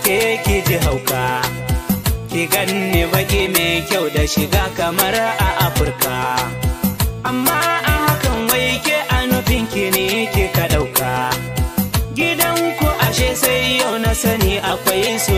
ke ki ji hauka ki ganni baki mai kyau da shiga kamar a afirka amma a hakan wai ke a nufin ki ne ki ka ɗauka gidanku ashe sai yau na sani akwai su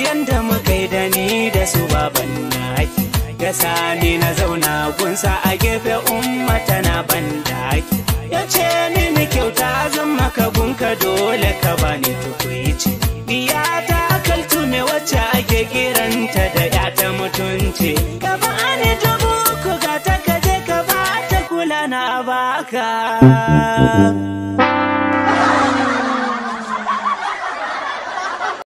yanda muka yi da ni da su baban naki ya sani na zauna gunsa a gefe umma tana daki, ya ce ni na kyauta zan maka gunka dole ka bani tukuici biya ta akaltu ne wacce ake kiranta da ya ta mutunci ka bani dubu uku ga ta kaje ka ba ta kula na baka